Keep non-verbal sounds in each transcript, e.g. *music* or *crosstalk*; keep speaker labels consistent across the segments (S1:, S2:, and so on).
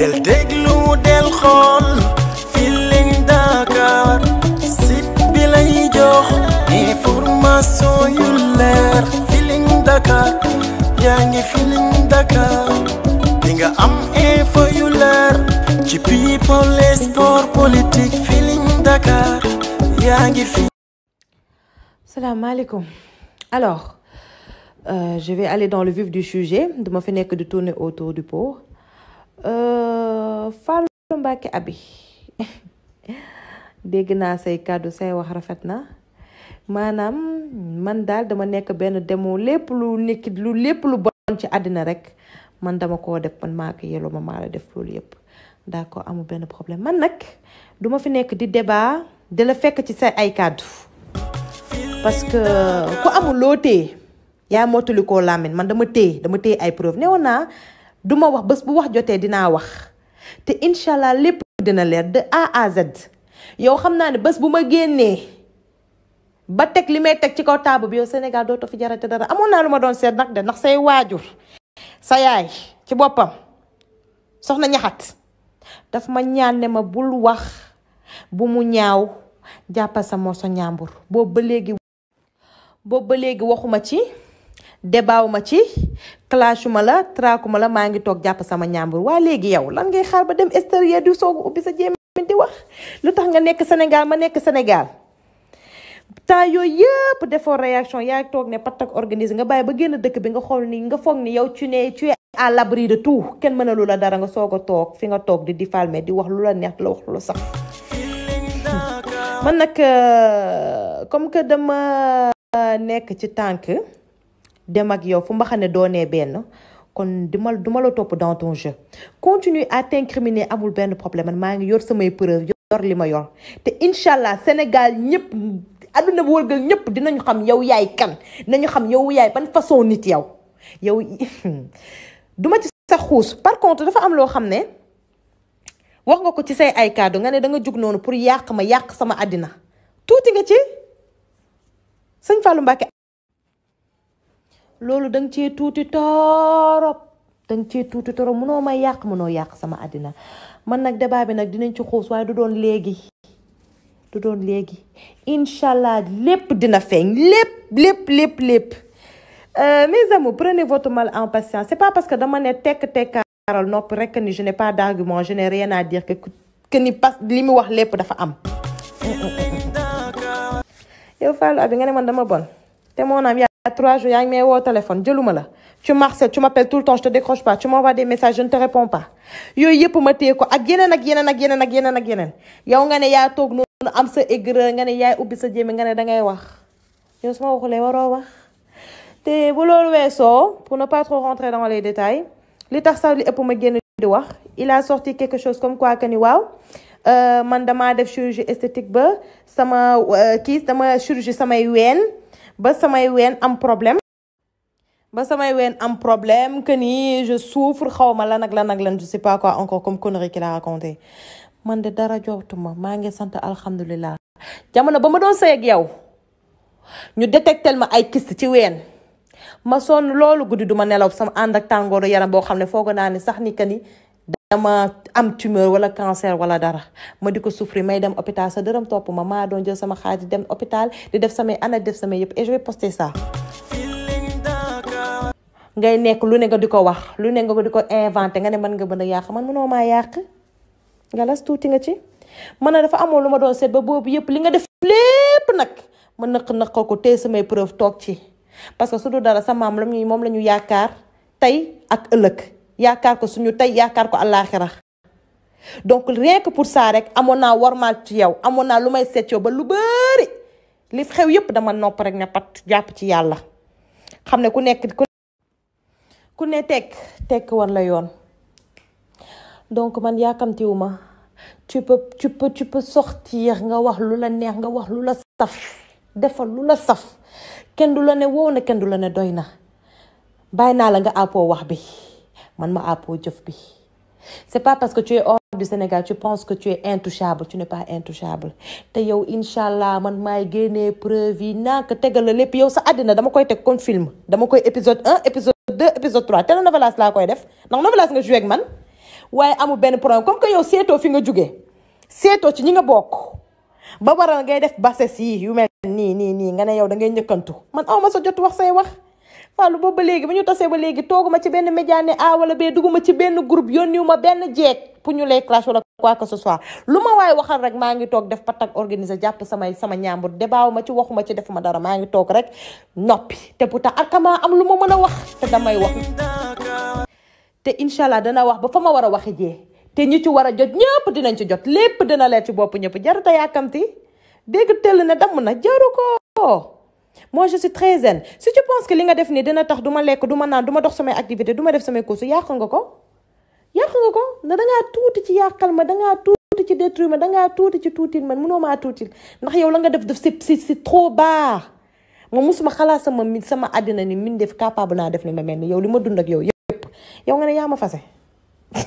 S1: del déglu del xool Feeling Dakar site bi lay jox yu leer Feeling Dakar yaa ngi Feeling Dakar di nga am info yu leer ci people et sport politique Dakar yaa ngi fi.
S2: salaamaaleykum alors euh, je vais aller dans le vif du sujet dama fi nekk di tourner autour du pot. Euh, Fallou Mbacké abi *laughs* dégg naa say kàddu say wax rafet na maanaam man daal dama nekk benn demo lépp lu nekk lu lépp lu bon ci àddina rek man dama koo def man maa ko yeloo ma maa def loolu yëpp d'accord amul benn problème man nag duma fi nekk di débat di fekk ci say ay kàddu parce que ku amul loo téye yaa mottali koo làmmiñ man dama téye dama téye ay preuve newoon naa du ma wax bés bu wax jotee dinaa wax te incha allah lépp dina leer de A à yow xam naa ne bés bu ma génnee ba teg li may teg ci kaw taabu bi yow Sénégal doo to fi jarate dara amoon naa lu ma doon seet nag de ndax say waajur sa yaay ci boppam soxna ñaxat daf ma ñaan ma bul wax bu mu ñaaw jàppal sa moo sa ñaambur boobu léegi boobu ba léegi waxuma ci debaaw ma ci clash ma la traaku ma la maa ngi toog jàpp sama ñaambur waa léegi yow lan ngay xaar ba dem extérieur du soogu ubbi sa jéem di wax lu tax nga nekk Sénégal ma nekk Sénégal temps yooyu yëpp defoo réaction yaa ngi toog ne pat ak organise nga bàyyi ba génn dëkk bi nga xool ni nga foog ni yow tu ne tu es à l'abri de tout kenn mënalu la dara nga soog a toog fi nga toog di di falme di wax lu la neex la wax lu la sax man nag euh, comme que dama euh, nekk ci tànk dem ak yow fu mbaxane doonee benn kon du ma du ma la topp dans ton jeu continue à t'incriminer amul benn problème man maa ngi yor samay preuve yor li ma yor te incha allah Sénégal ñëpp adduna bu wërgal ñëpp dinañu xam yow yaay kan ñu xam yow yaay ban façon nit yow yow *laughs* duma ci sax xuus par contre dafa am loo xam ne wax nga ko ci say ay kàddu nga ne da nga jug noonu pour yàq ma yàq sama àddina tuuti nga ci sëñ Fallou Mbacké loolu danga cee tuuti torop danga cee tuuti torop mënoo may yàq mënoo yàq sama àddina man nag débat bi nag dinañ ci xuus waaye du doon léegi du doon léegi incha allah lépp dina feeñ lépp lépp lépp lépp euh, mes amours prenez votre mal en patience c'est pas parce que dama ne tekk tekkaaral noppi rek ni je n'ai pas d'argument je n'ai rien à dire que que ni pas li mu wax lépp dafa am yow Fallou abi nga ne man dama bon te moo naam a trois jours yaa ngi may woo téléphone jëluma la tu marcel tu m'appelles tout le temps je te décroche pas tu m'envoies des ne te pas yooyu yëpp ma téye ko ak yeneen ak yeneen ak yeneen ak yeneen ak yeneen yow nga ne yaa toog noonu am sa aigreur nga ne yaay ubbi sa jéem nga ne dangay wax yow su ma waxulee waroo wax te ba loolu weesoo pour ne pas trop rentrer dans les détails li tax sax li ëpp ma génn di wax il a sorti quelque chose comme quoi que ni waaw euh, man damaa def chirurgie esthétique ba sama euh, kii dama chirurgie samay ween ba samay ween am problème ba samay ween am problème que ni je souffre xaw ma lan ak lan ak lan je sais pas quoi encore comme connerie qu'il a raconté man de dara jootuma maa ngi sant alhamdulilah. jamono ba ma doon sëy ak yow ñu détectel ma ay kyste ci ween ma sonn loolu guddi duma nelaw sama ànd ak tàngooru yaram boo xam ne foog naa ni sax ni que dama am tumeur wala cancer wala dara ma di ko souffrir may dem hôpital sa dërëm topp ma maa doon jël sama xaaj dem hôpital di def samay ana def samay yëpp et je vais ngay nekk lu ne nga di ko wax lu ne nga di ko inventé nga ne man nga mën yàq man mënoo maa yàq galas tuuti nga ci man na dafa amoon lu ma doon seet ba boobu yëpp li nga def lépp nag ma nëq nëq ko tey samay preuve toog ci parce que su du dara sa maam la ñuy moom la ñu yaakaar tey ak ëllëg yaakaar suñu tey yaakaar donc rien pour ça rek amoon naa war warmaal ci yow amoon naa lu may seet yow ba lu bëri li xew yépp dama nopp rek na pat jàpp ci yàlla xam ne ku nekk ku ne tekk tekk war la yoon donc man yaakamtiwuma tu peux tu peux tu peux sortir nga wax lu la neex nga wax lu la saf defal lu la saf kenn du la ne wow na kenn du la ne doy na bàyyi naa la nga àppoo wax bi man ma àppoo jëf bi c'est pas parce que tu es du Sénégal tu penses que tu es intouchable tu n'es pas intouchable te yow incha allah man maay génnee preuve yi nak tegal la lépp yow sa àddina dama koy teg comme film dama koy épisode 1 épisode 2 épisode 3 télénovelas laa koy def ndax novelas nga joué ak man waaye amul benn problème comme que yow seetoo fi nga jugee seetoo ci ñi nga bokk ba waral ngay def bases yi yu mel nii nii nii nga ne yow da ngay njëkkantu man aw sa jot wax say wax Fallou boobu ba léegi bu ñu tasee ba léegi tooguma ci benn média wala B duguma ci benn groupe yónniwu ma benn jeeg pour ñu lay clash wala quoi que lu ma waaye waxal rek maa ngi toog def patak organiser jàpp samay sama ñaambur débaaw ma ci waxuma ci defuma dara maa ngi toog rek noppi te pourtant akamaa am lu ma mën a wax te damay wax te incha allah dana wax ba fa ma war a waxe jee te ñi ci war a jot ñëpp dinañ ci jot lépp dina leer ci bopp ñëpp jaruta yàkkamti dégg tëll ne damm na jaru ko moo je suis très zen si tu penses que li nga def nii dina tax duma lekk duma naan duma dox samay activité du ma def samay course yàq nga ko yàq nga ko na dangaa tuuti ci yàqal ma dangaa tuuti ci détruire ma dangaa tuuti ci tuutil man mënoo maa tuutil ndax yow la nga def def c'est c'est trop baax moom musuma xalaat sama mi sama àddina ni min def capable naa def ni ma ni yow li ma dund ak yow yëpp yow nga ne yaa ma fase *laughs*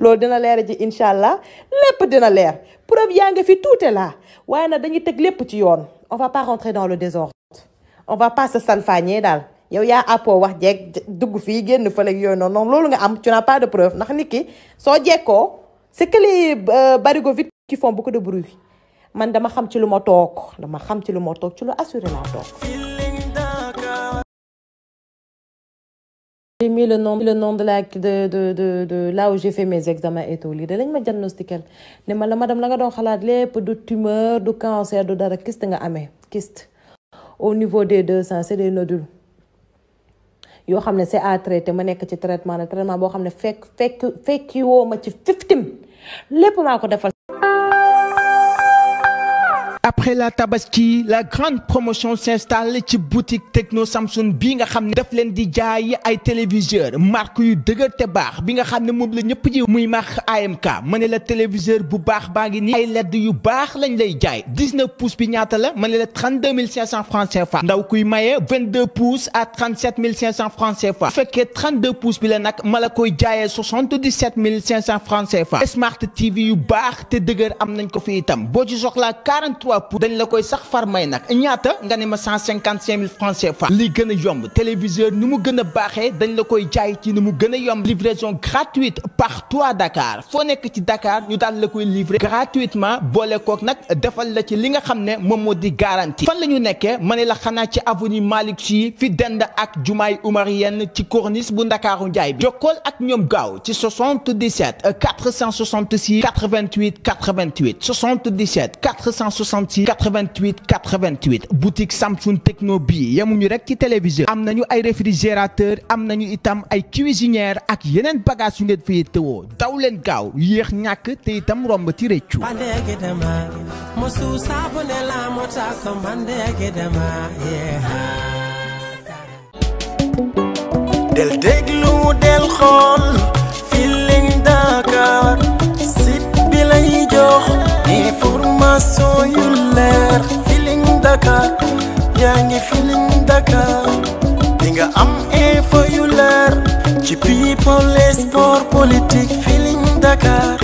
S2: loolu leer ci incha allah lépp dina leer preuve yaa nga fi tuute laa waaye nag dañuy teg lépp ci yoon on va pas rentrer dans le désordre on va pas salfaañee daal yow yaa àppoo wax jeeg dugg fii génn fële yooyu noonu noonu loolu nga am tu n'as pas de preuve ndax nit ki soo jekkoo c'est que les euh, barigots vides qui font beaucoup de man dama xam ci lu ma toog dama xam ci lu ma toog ci lu assuré laa toog. j'ai mis le nom le nom de lañ ma diagnostiqué ne ma la madame la nga doon xalaat lépp du tumeur du cancer du dara kyste nga amee kyste. au niveau des deux sens c'est des nodules yoo xam ne c'est à traiter ma nekk ci traitement na traitement boo xam ne fekk fekk fekki woo ma ci fiftim lépp maa ko defal
S1: après la tabaski la grande promotion s'installe ci boutique techno samsung bi nga xam ne daf leen di jaay ay téléviseur marque yu dëgër te baax bi nga xam ne moom la ñëpp ji muy marque amk ma ne la téléviseur bu baax baa ngi ni ay ledd yu baax lañ lay jaay 19 pouces bi ñaata la ma ne la 32 500 francs CFA ndaw kuy maye 22 pouces à 37 500 francs CFA bu fekkee 32 pouces bi la nag ma la koy jaayee 77 500 francs CFA smart tv yu baax te dëgër am nañ ko fi itam boo ci soxlaa fois pour dañ la koy sax far may nag ñaata nga ne ma cent cinquante cinq mille francs CFA li gën a yomb téléviseur ni mu gën a dañ la koy jaay ci ni mu gën a yomb livraison gratuite partout à Dakar foo nekk ci Dakar ñu daal la koy livrer gratuitement boole kook nag defal la ci li nga xam ne moom moo di garantie fan la ñu nekkee ma ne la xanaa ci avenue Malick Sy fi dend ak jumaay Umarienne ci corniche bu Ndakaaru Njaay bi jokkool ak ñoom gaaw ci 77 466 88 88 77 466 am ci 88 88 boutique Samsung Techno bi yemuñu rek ci télévision am nañu ay réfrigérateur am nañu itam ay cuisinière ak yeneen bagage yu ngeen fiy tëwoo daw leen gaaw yéex ñàkk te itam romb ci réccu del déglu del xool Feeling Feeling Dakar di nga am info yu leer ci people et sport politique Dakar